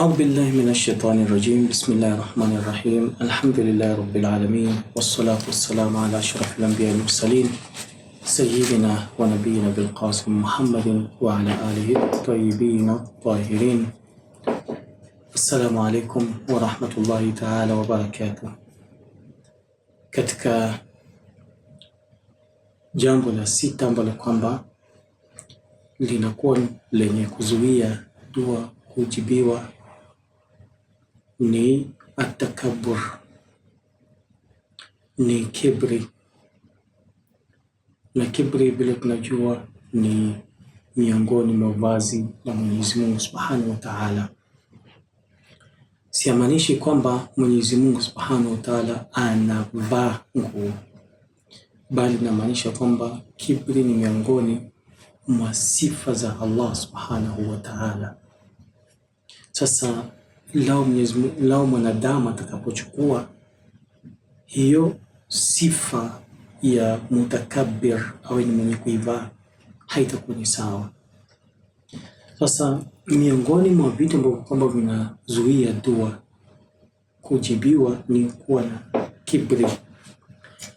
أعوذ بالله من الشيطان الرجيم بسم الله الرحمن الرحيم الحمد لله رب العالمين والصلاة والسلام على أشرف الأنبياء المرسلين سيدنا ونبينا بالقاسم محمد وعلى آله الطيبين الطاهرين السلام عليكم ورحمة الله تعالى وبركاته كتك جانب الستة بالقنبة لنكون لن يكزوية دوا kujibiwa ni atakabur, ni kibri, na kibri vile tunajua ni miongoni mwa vazi la Mwenyezi Mungu Subhanahu wa Ta'ala. Siamaanishi kwamba Mwenyezi Mungu Subhanahu wa Ta'ala anavaa nguo, bali inamaanisha kwamba kibri ni miongoni mwa sifa za Allah Subhanahu wa Ta'ala. Sasa lao Mwenyezi Mungu, lao mwanadamu atakapochukua hiyo sifa ya mutakabbir awe ni mwenye kuivaa haitakuwa ni sawa. Sasa miongoni mwa vitu ambavyo kwamba vinazuia dua kujibiwa ni kuwa na kibri.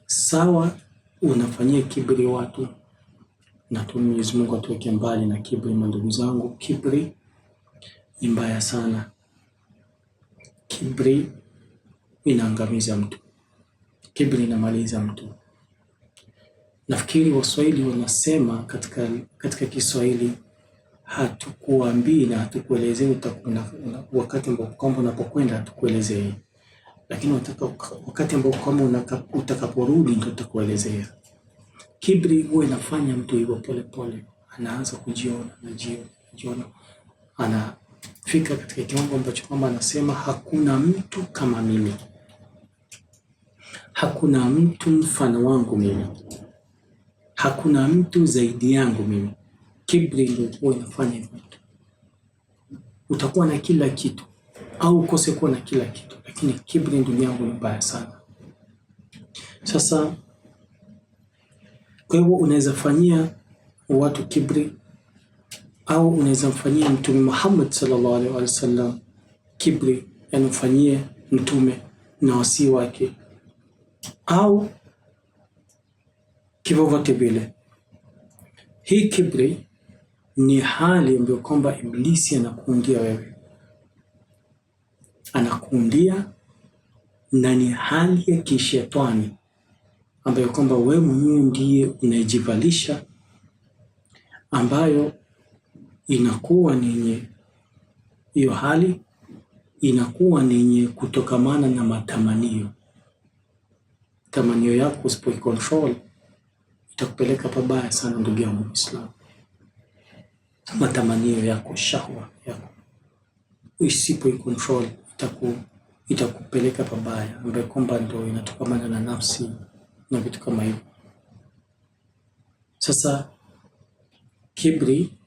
Sawa, unafanyia kibri watu na tu Mwenyezi Mungu atuweke mbali na kibri. Mandugu zangu, kibri ni mbaya sana kibri inaangamiza mtu, kibri inamaliza mtu. Nafikiri Waswahili wanasema katika, katika Kiswahili hatukuambii na hatukuelezei wakati ambao kwamba unapokwenda hatukuelezei, lakini wakati ambao kwamba utakaporudi ndio tutakuelezea. Kibri huwa inafanya mtu hivyo polepole, anaanza kujiona, anajiona, anajiona, ana kufika katika kiwango ambacho kwamba anasema hakuna mtu kama mimi, hakuna mtu mfano wangu mimi, hakuna mtu zaidi yangu mimi. Kibri ndio huwa inafanya hivyo. Utakuwa na kila kitu au ukose kuwa na kila kitu, lakini kibri, ndugu yangu, ni mbaya sana. Sasa kwa hivyo unaweza fanyia watu kibri au unaweza mfanyia Mtume Muhammad sallallahu alaihi wasallam kibri, yani mfanyie mtume na wasii wake au kivyovyote vile. Hii kibri ni hali ambayo kwamba Iblisi anakuundia wewe, anakuundia na ni hali ya kishetani ambayo kwamba wewe mwenyewe ndiye unajivalisha ambayo inakuwa ni yenye hiyo hali inakuwa ni yenye kutokamana na matamanio. Tamanio yako usipoicontrol itakupeleka pabaya sana, ndugu yangu Muislamu. Matamanio yako, shahwa yako usipoicontrol itaku itakupeleka pabaya, ambayo kwamba ndo inatokamana na nafsi na vitu kama hivyo. Sasa kibri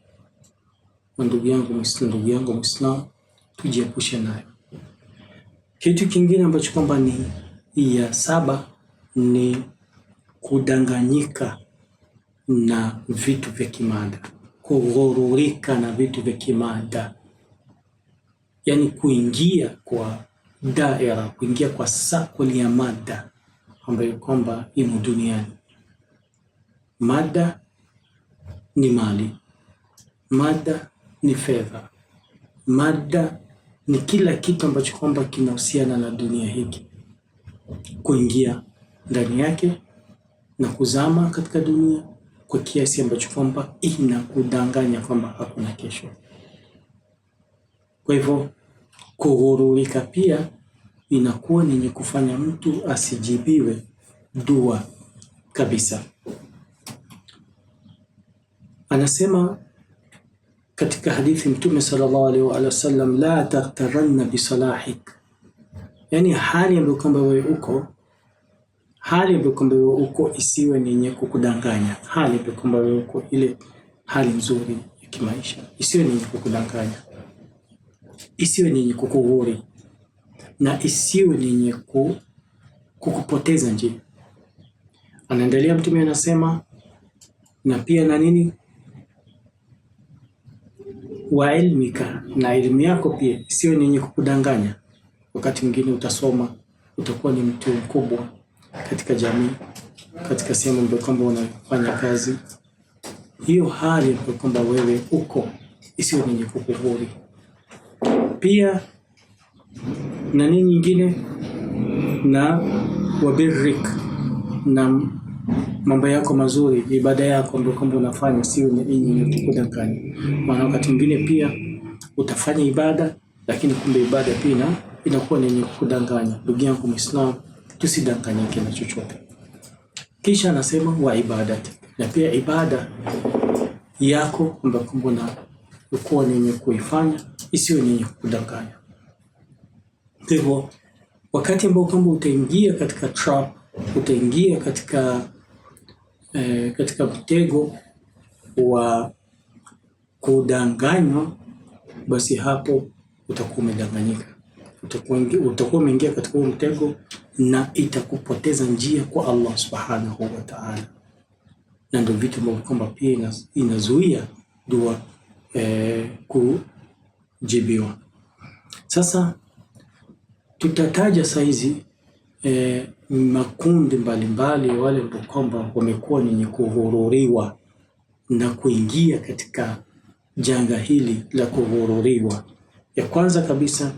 ndugu yangu ndugu yangu Muislamu, tujiepushe nayo. Kitu kingine ambacho kwamba ni ya saba ni kudanganyika na vitu vya kimada, kughururika na vitu vya kimada, yaani kuingia kwa daira, kuingia kwa sakuli ya mada ambayo kwamba imo duniani. Mada ni mali, mada ni fedha. Mada ni kila kitu ambacho kwamba kinahusiana na dunia hiki, kuingia ndani yake na kuzama katika dunia kwa kiasi ambacho kwamba inakudanganya kwamba hakuna kesho. Kwa hivyo kughururika pia inakuwa nenye kufanya mtu asijibiwe dua kabisa. Anasema katika hadithi Mtume sallallahu alaihi wa sallam, la taghtaranna bisalahik, yani hali ambayo kwamba wewe uko hali ambayo kwamba wewe uko isiwe ni yenye kukudanganya. Hali ambayo kwamba wewe uko ile hali nzuri ya kimaisha isiwe ni yenye kukudanganya, isiwe ni yenye kukughuri na isiwe ni yenye kukupoteza njia. Anaendelea Mtume anasema na pia na nini waelimika na elimu yako pia sio yenye kukudanganya. Wakati mwingine utasoma, utakuwa ni mtu mkubwa katika jamii, katika sehemu ambayo kwamba unafanya kazi. Hiyo hali ambayo kwamba wewe uko isiyo yenye kukuhuri Pia na nini nyingine, na wabirrik na mambo yako mazuri, ibada yako ndio kwamba unafanya, si kudanganya. Maana wakati mwingine pia utafanya ibada, lakini kumbe ibada pia inakuwa ni kudanganya. Ndugu yangu Muislamu, tusidanganyike na chochote. Kisha anasema wa ibada, na pia ibada yako kwamba kumbe na ukuwa ni yenye kuifanya isiyo ni yenye kudanganya. Hivyo wakati ambao kwamba utaingia katika trap, utaingia katika eh, katika mtego wa kudanganywa, basi hapo utakuwa umedanganyika, utakuwa umeingia katika huo mtego na itakupoteza njia kwa Allah subhanahu wa ta'ala, na ndio vitu ambavyo kwamba pia inazuia dua eh, kujibiwa. Sasa tutataja saizi eh, makundi mbalimbali wale ambao kwamba wamekuwa ni kughururiwa na kuingia katika janga hili la kughururiwa. Ya kwanza kabisa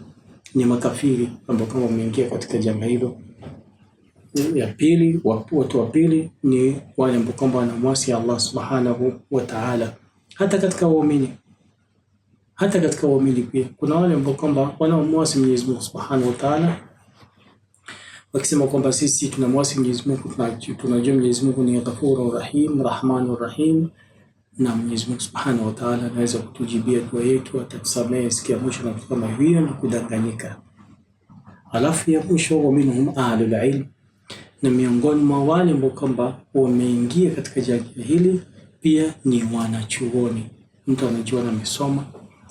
ni makafiri ambao kama wameingia katika janga hilo. Ya pili, watu wa pili ni wale ambao kwamba wanamwasi Allah subhanahu wa ta'ala. Hata katika waumini, hata katika waumini pia kuna wale ambao kwamba wanamwasi Mwenyezi Mungu subhanahu wa ta'ala wakisema kwamba sisi tunamwasi Mwenyezi Mungu, tunajua Mwenyezi Mungu ni Ghafurur Rahim, Rahmanur Rahim, na Mwenyezi Mungu Subhanahu wa Ta'ala anaweza kutujibia dua yetu, atatusamehe siku ya mwisho na kama hiyo na kudanganyika. Alafu ya mwisho, wa minhum ahlul ilm, na miongoni mwa wale ambao kwamba wameingia katika janga hili pia ni wanachuoni. Mtu anajua na amesoma,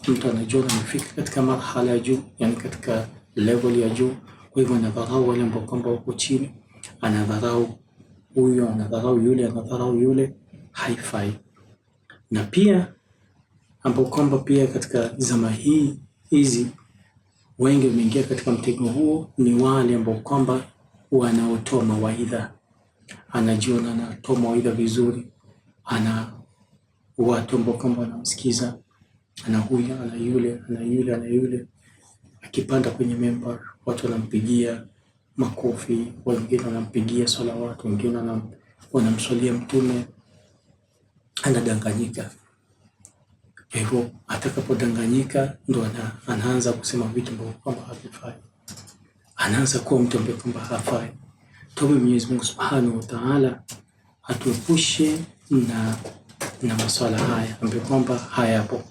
mtu anajua na amefika katika marhala ya juu, yani katika level ya juu kwa hivyo anadharau wale ambao kwamba wako chini, anadharau huyo, anadharau yule, anadharau yule, haifai. Na pia ambao kwamba pia katika zama hii hizi wengi wameingia katika mtego huo ni wale ambao kwamba wanaotoa mawaidha, anajiona anatoa mawaidha vizuri, ana watu ambao kwamba wanamsikiza, ana huyu, ana yule, ana yule, ana yule akipanda kwenye memba watu wanampigia makofi, wengine wanampigia watu wengine wanamswalia Mtume. Anadanganyika. Kwa hivyo atakapodanganyika, ndo ana, anaanza kusema vitu ambavyo kwamba havifai, anaanza kuwa mtu ambaye kwamba hafai. Tuombe Mwenyezi Mungu Subhanahu wa Ta'ala atuepushe na na maswala haya ambayo kwamba hayapo.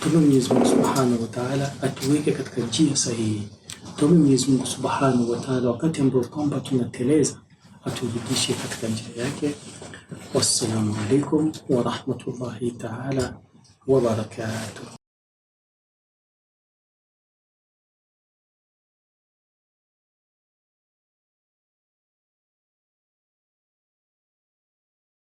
Tuombe Mwenyezi Mungu Subhanahu wa Ta'ala atuweke katika njia sahihi. Tuombe Mwenyezi Mungu Subhanahu wa Ta'ala wakati ambao kwamba tunateleza aturudishe katika njia yake. Wassalamu alaikum wa rahmatullahi ta'ala wa barakatuh.